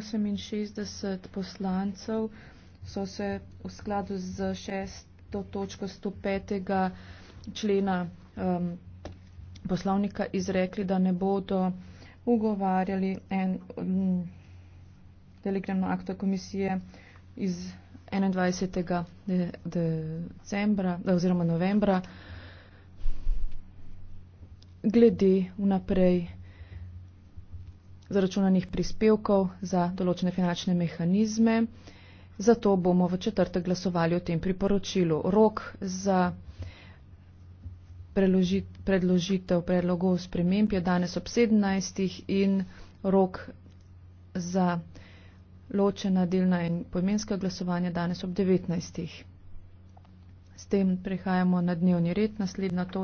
68 poslancev so se v skladu z 6. točko 105. člena um, poslovnika izrekli, da ne bodo ugovarjali en um, telegramno akto komisije iz 21. decembra de oziroma novembra glede vnaprej zaračunanih prispevkov za določene finančne mehanizme. Zato bomo v četrtek glasovali o tem priporočilu. Rok za preložit, predložitev predlogov sprememb je danes ob 17. in rok za ločena delna in pojmenska glasovanja danes ob 19. S tem prehajamo na dnevni red naslednja točka.